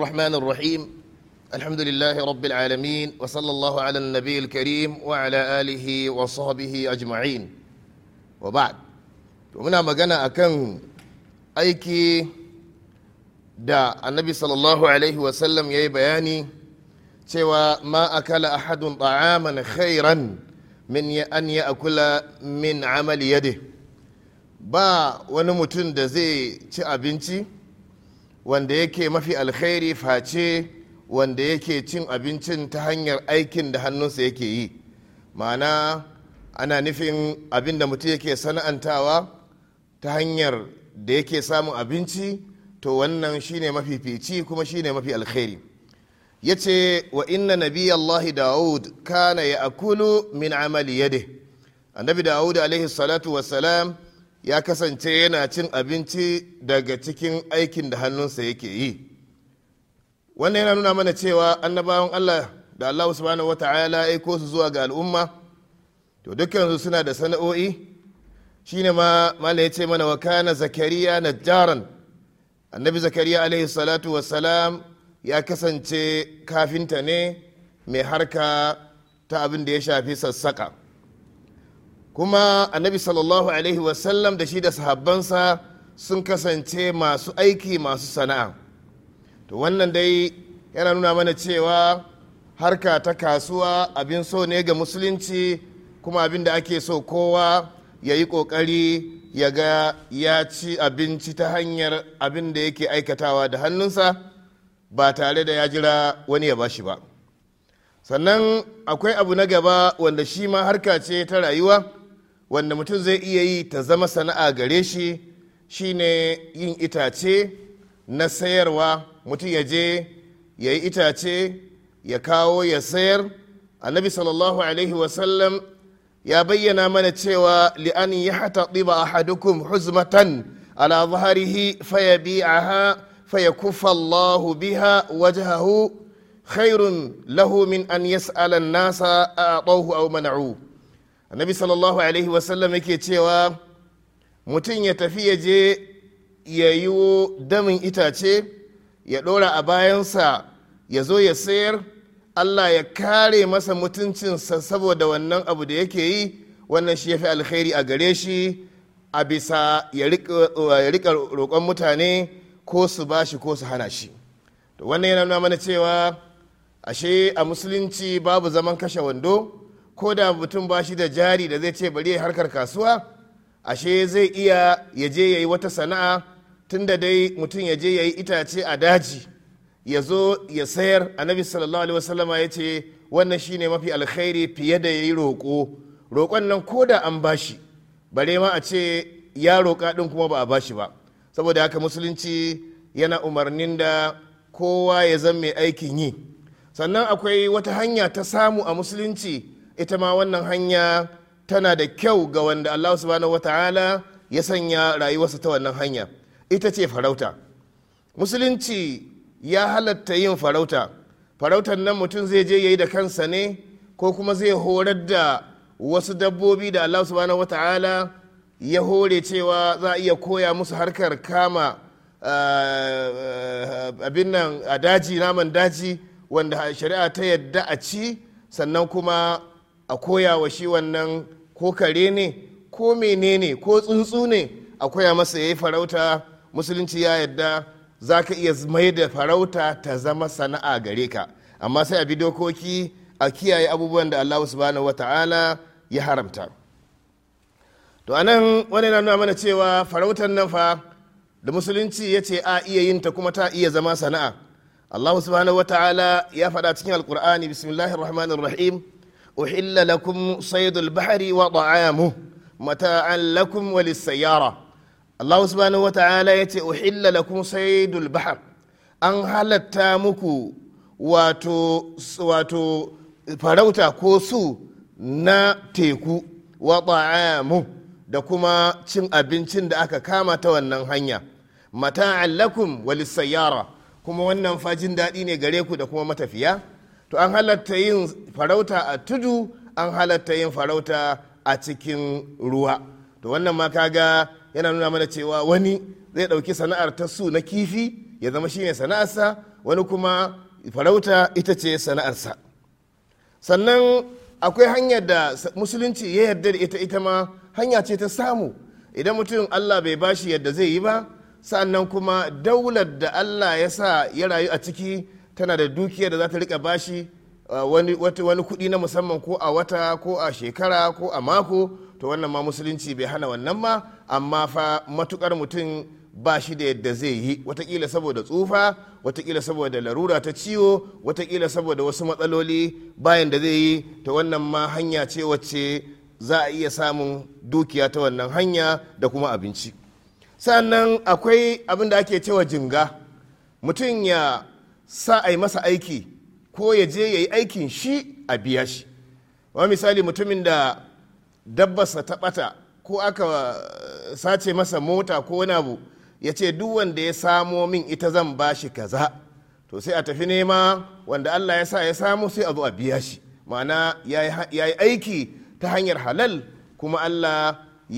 الرحمن الرحيم الحمد لله رب العالمين وصلى الله على النبي الكريم وعلى آله وصحبه أجمعين وبعد ومنا مغانا أكن أيكي دا النبي صلى الله عليه وسلم يي بياني سوى ما أكل أحد طعاما خيرا من أن يأكل من عمل يده ba wani mutum da zai ci abinci wanda yake mafi alkhairi face wanda yake cin abincin ta hanyar aikin da hannunsa yake yi ma'ana ana nufin abin da mutum yake sana'antawa ta hanyar da yake samun abinci to wannan shine mafi fici kuma shine mafi alkhairi ya ce wa inna nabi allahi daud kana ya akulu min amali yade annabi daud alaihi salatu wasalam ya kasance yana cin abinci daga cikin aikin da hannunsa yake yi wannan yana nuna mana cewa annabawan allah da allah subhanahu wa ta'ala aiko su zuwa ga al'umma to dukkansu suna da sana'o'i shine ma mala ya ce mana wa kana zakariya na Jaran. annabi zakariya alaihi salatu wassalam ya kasance kafinta ne mai harka ta abin da ya shafi sassaka kuma annabi sallallahu alaihi wasallam da shi da sahabbansa sun kasance masu aiki masu sana'a to wannan dai yana nuna mana cewa harka ta kasuwa abin so ne ga musulunci kuma abin da ake so kowa ya yi ƙoƙari ya ga ya ci abinci ta hanyar abin da yake aikatawa da hannunsa ba tare da ya jira wani ya bashi ba sannan akwai abu na gaba wanda shi ma harka ce ta rayuwa wanda mutum zai iya yi ta zama sana'a gare shi shine yin itace na sayarwa mutum ya je ya yi itace ya kawo ya sayar annabi sallallahu alaihi wasallam ya bayyana mana cewa li'an ya hata ɗiba a hadukun huzmatan ala zaharihi fayabi'aha fayakuffa kufallahu biha wajhahu khairun lahu min an yas'alan an-nasa ɗauhu au man'u annabi sallallahu alaihi wasallam yake cewa mutum ya tafi ya je ya yi damin itace ya ɗora a bayansa ya zo ya sayar allah ya kare masa mutuncinsa saboda wannan abu da yake yi wannan shi ya fi alkhairi a gare shi a bisa ya rika roƙon mutane ko su ba shi ko su hana shi wannan yana nuna mana cewa ashe a musulunci babu zaman kashe wando ko da mutum ba shi da jari da zai ce bari ya harkar kasuwa ashe zai iya ya je ya yi wata sana'a tunda dai mutum ya je ya yi itace a daji ya zo ya sayar annabi sallallahu alaihi wasallama ya ce wannan shine mafi alkhairi fiye da ya yi roƙo roƙon nan ko da an bashi bare ma a ce ya roƙa ɗin kuma ba a bashi ba saboda haka musulunci yana umarnin da kowa ya zan mai aikin yi sannan akwai wata hanya ta samu a musulunci ita ma wannan hanya tana da kyau ga wanda allah subhanahu wata'ala ya sanya rayuwarsa ta wannan hanya ita ce farauta musulunci ya halatta yin farauta farautar nan mutum zai je yayi da kansa ne ko kuma zai horar da wasu dabbobi da allah subhanahu wata'ala ya hore cewa za a iya koya musu harkar kama ah, ah, abin nan a daji naman daji wanda shari'a ta yadda a ci sannan kuma a koya wa shi wannan ko kare ne ko menene ko tsuntsu ne a koya masa ya yi farauta musulunci ya yadda za ka iya mai da farauta ta zama sana'a gare ka amma sai a bi dokoki a kiyaye abubuwan da allahu subhanahu wa ta'ala ya haramta to anan wani na nuna mana cewa farautar nan fa da musulunci ya ce a iya yin ta kuma ta iya zama sana'a allahu subhanahu wa ta'ala ya faɗa cikin alkur'ani bismillahir rahmanir rahim أحل لكم صيد البحر وطعامه متاعا لكم وللسيارة الله سبحانه وتعالى يتي أحل لكم صيد البحر أن هل تامكو واتو, واتو farauta ko su na teku wa da kuma cin abincin da aka kama ta wannan hanya mata'an lakum walissayyara kuma wannan fajin daɗi ne gare ku da kuma matafiya to an halatta yin farauta a tudu an halatta yin farauta a cikin ruwa to wannan ma kaga yana nuna mana cewa wani zai ɗauki sana'ar ta su na kifi ya zama shine sana'arsa wani kuma farauta ita ce sana'arsa sannan akwai hanyar da musulunci ya yarda da ita ita ma hanya ce ta samu idan mutum allah bai bashi yadda zai yi ba sannan kuma daular da allah ya sa ya rayu a ciki tana da dukiya da za ta rika bashi wani kuɗi na musamman ko a wata ko a shekara ko a mako to wannan ma musulunci bai hana wannan ma amma fa matukar mutum ba shi da yadda zai yi watakila saboda tsufa watakila saboda larura ta ciwo watakila saboda wasu matsaloli bayan da zai yi ta wannan ma hanya ce wacce za a iya samun dukiya ta wannan hanya da kuma abinci sannan akwai abin da ake cewa jinga mutum ya sa a yi masa aiki ko ya je ya yi aikin shi a biya shi wa misali mutumin da dabbarsa ta bata ko aka uh, sace masa mota ko wani abu ya ce duk wanda ya samo min ita zan ba shi kaza to sai a tafi nema wanda allah ya sa ya samu sai a zo a biya shi ma'ana ya yi aiki ta hanyar halal kuma allah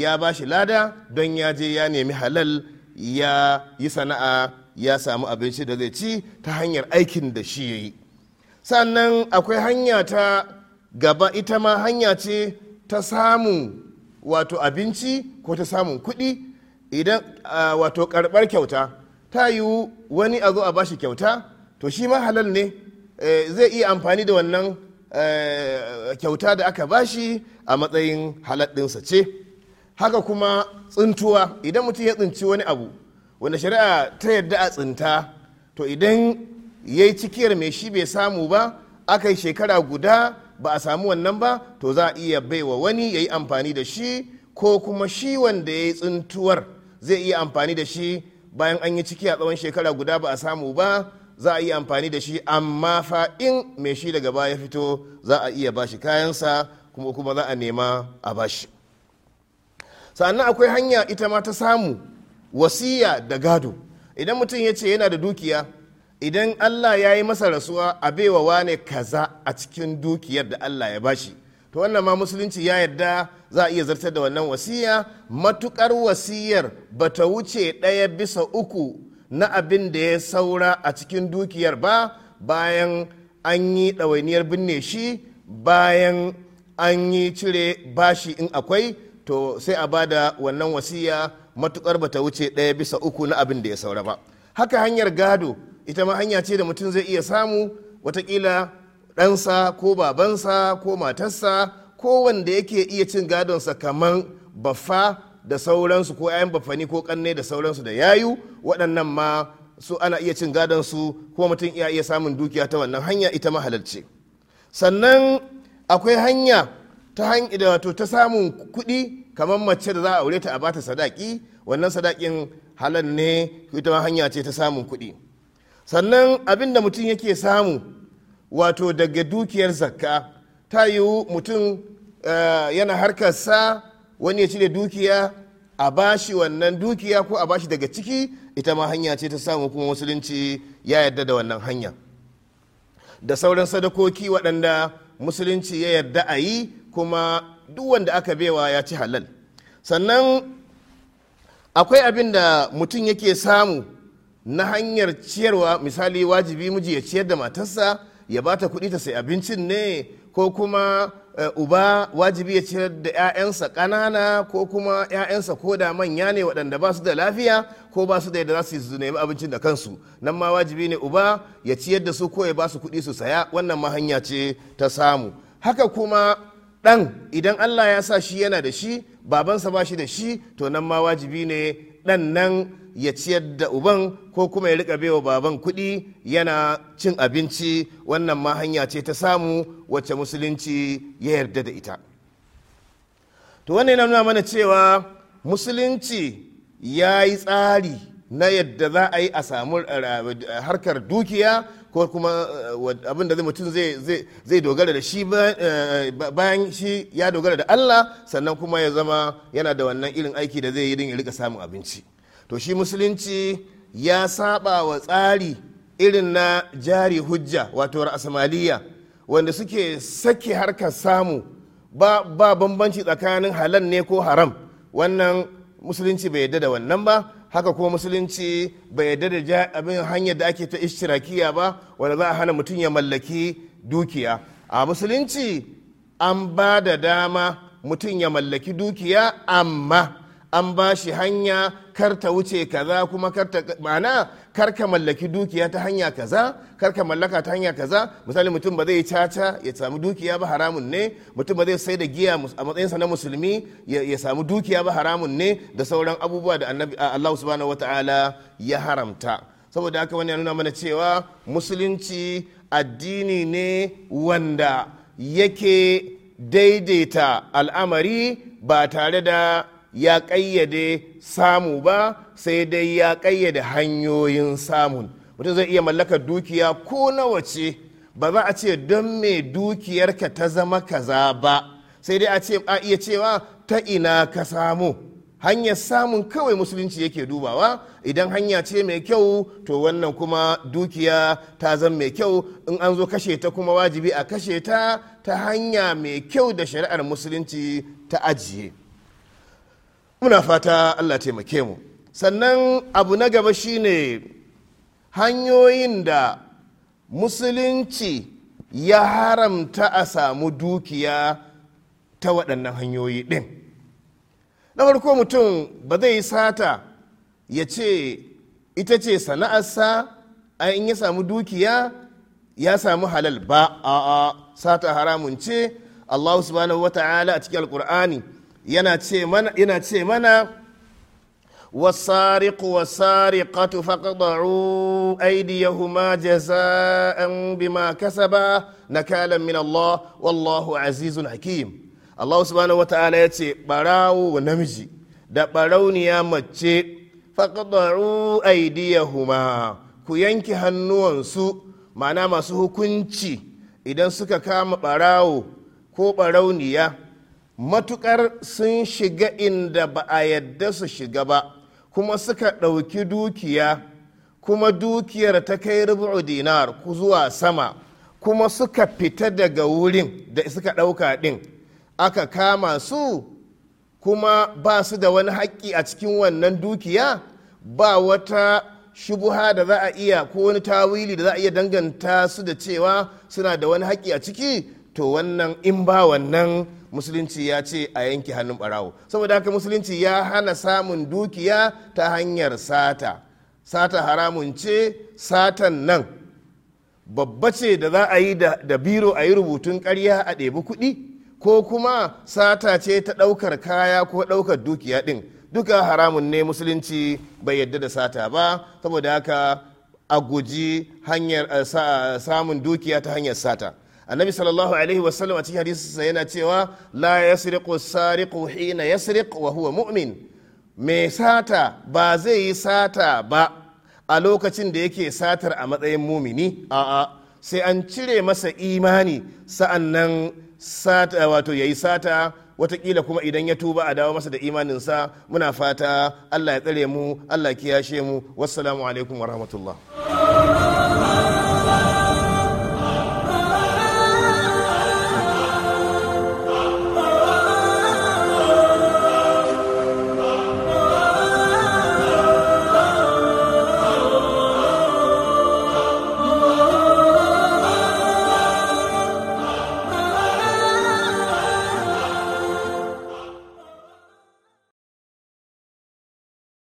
ya ba shi lada don ya je ya nemi halal ya yi sana'a ya samu abinci da zai ci ta hanyar aikin da shi ya yi sannan akwai hanya ta gaba ita ma hanya ce ta samun wato abinci ko ta samun kuɗi idan wato karɓar kyauta ta yi wani a zo a bashi kyauta to shi ma halal ne e, zai iya amfani da wannan e, kyauta da aka bashi a matsayin ɗinsa ce haka kuma tsintuwa idan mutum ya tsinci wani abu wanda shari'a ta yadda a tsinta to idan ya yi cikiyar mai shi bai samu ba aka yi shekara guda ba a samu wannan ba to za a iya baiwa wani ya yi amfani da shi ko kuma shi wanda ya yi tsintuwar zai iya amfani da shi bayan an yi ciki a tsawon shekara guda ba a samu ba za a iya amfani da shi amma fa in mai shi daga baya fito za a iya bashi kayansa kuma kuma za a nema a bashi sannan akwai hanya ita ma ta samu wasiya da gado idan mutum ya ce yana da dukiya idan allah ya yi masa rasuwa a baiwa wane kaza a cikin dukiyar da allah ya bashi to wannan ma musulunci ya yarda za a iya zartar da wannan wasiya matukar wasiyar ba ta wuce ɗaya bisa uku na abin da ya saura a cikin dukiyar ba bayan an yi ɗawainiyar binne shi bayan an yi cire bashi in akwai to sai a bada wannan wasiya matukar bata wuce ɗaya bisa uku na abin da ya saura ba haka hanyar gado ita ma hanya ce da mutum zai iya samu watakila ɗansa ko babansa ko matarsa ko wanda yake iya cin gadonsa kamar baffa da sauransu ko 'ya'yan baffani ko kanne da sauransu da yayu waɗannan ma su ana iya cin gadonsu ko mutum iya iya samun dukiya ta wannan hanya ita ma halarci sannan akwai hanya ta hanyar da wato ta samun kuɗi kamar mace da za a aure ta a bata sadaki wannan sadakin halal ne ita ma hanya ce ta samun kuɗi sannan abin da mutum yake samu wato daga dukiyar zakka ta yiwu mutum eh, yana harkarsa wani ya cire dukiya a bashi wannan dukiya ko a bashi daga ciki ita ma hanya ce ta samu kuma musulunci ya yarda da wannan hanya da sauran sadakoki waɗanda musulunci ya yarda a yi kuma duk wanda aka baiwa ya ci halal sannan akwai abin da mutum yake samu na hanyar ciyarwa misali wajibi miji ya ciyar da matarsa ya ba ta kuɗi ta sai abincin ne ko kuma eh, uba wajibi ya ciyar da 'ya'yansa ƙanana ko kuma 'ya'yansa ko da manya ne waɗanda ba su da lafiya ko ba su da yadda za su yi nemi abincin da kansu nan ma wajibi ne uba ya ciyar da su ko ya ba su kuɗi su saya wannan ma hanya ce ta samu haka kuma ɗan idan allah ya sa shi yana da shi babansa ba shi da shi to nan ma wajibi ne ɗan nan ya ciyar da uban ko kuma ya rika baiwa baban kuɗi yana cin abinci wannan ma hanya ce ta samu wacce musulunci ya yarda da ita to wannan yana nuna mana cewa musulunci ya yi tsari na yadda za a yi a samu eh, harkar dukiya ko kuma eh, abin da mutum zai dogara da shi eh, bayan shi ya dogara da Allah sannan kuma ya zama yana da wannan irin aiki da zai yi din ya rika samun abinci to shi musulunci ya saba wa tsari irin na jari hujja wato ra'asamaliya wanda suke sake harkar samu ba bambanci tsakanin halal ne ko haram wannan musulunci bai yadda da wannan ba haka kuma musulunci bai yarda da abin hanyar da ake ta ishtirakiya ba wanda za a hana mutum ya mallaki dukiya a musulunci an ba da dama mutum ya mallaki dukiya amma an ba shi hanya kar ta wuce kaza kuma kar ta ma'ana kar ka mallaki dukiya ta hanya kaza kar ka mallaka ta hanya kaza misali mutum ba zai caca ya samu dukiya ba haramun ne mutum ba zai sai da giya a matsayinsa na musulmi ya samu dukiya ba haramun ne da sauran abubuwa da annabi Allah subhanahu wataala ya haramta saboda haka wani ya nuna mana cewa musulunci addini ne wanda yake daidaita al'amari ba tare da ya ƙayyade samu ba sai dai ya ƙayyade hanyoyin samun mutum zai iya mallaka dukiya ko nawa ce ba za a ce don me dukiyarka ta zama kaza ba sai dai a ce a iya cewa ta ina ka samu hanyar samun kawai musulunci yake dubawa idan hanya ce mai kyau to wannan kuma dukiya ta zama mai kyau in an zo kashe ta kuma wajibi a kashe ta ta hanya mai kyau da shari'ar musulunci ta ajiye muna fata allah taimake mu sannan abu na gaba shine hanyoyin da musulunci ya haramta a samu dukiya ta waɗannan hanyoyi ɗin na farko mutum ba zai sata ya ce ita ce sana'arsa a in ya samu dukiya ya samu halal ba a sata haramun ce allahu subhanahu wa ta'ala a cikin alkur'ani yana ce mana yana ce mana والسارق والسارقة فقطعوا أيديهما جزاء بما كسبا نكالا من الله والله عزيز حكيم Allah subhanahu wa ta'ala ya ce ɓarawo namiji da ɓarauniya mace faƙaɗaru aidiyahuma ku yanke hannuwansu ma'ana masu hukunci idan suka kama ɓarawo ko ɓarauniya matukar sun shiga inda ba a yadda su shiga ba kuma suka ɗauki dukiya kuma dukiyar ta kai rubu dinar zuwa sama kuma suka fita daga wurin da suka ɗauka ɗin aka kama su kuma ba su da wani haƙƙi a cikin wannan dukiya ba wata shubuha da za a iya ko wani tawili da za a iya danganta su da cewa suna da wani haƙƙi a ciki to wannan in ba wannan musulunci ya ce a yanke hannun barawo saboda haka musulunci ya hana samun dukiya ta hanyar sata sata haramun ce satan nan babba ce da za a yi da biro a yi rubutun karya a ɗebi kuɗi ko kuma sata ce ta ɗaukar kaya ko ɗaukar dukiya ɗin duka haramun ne musulunci bai yadda da sata ba saboda haka a guji samun dukiya ta hanyar sata annabi sallallahu alaihi wasallam a cikin hadisinsa yana cewa la yasriqu sariqu hina yasriq wa huwa mu'min me sata ba zai yi sata ba a lokacin da yake satar a matsayin mumini 'a sai an cire masa imani sa'annan sata wato yayi sata watakila kuma idan ya tuba a dawo masa da imaninsa muna fata allah ya tsare mu allah ya kiyashe mu wassalamu alaikum wa rahmatullah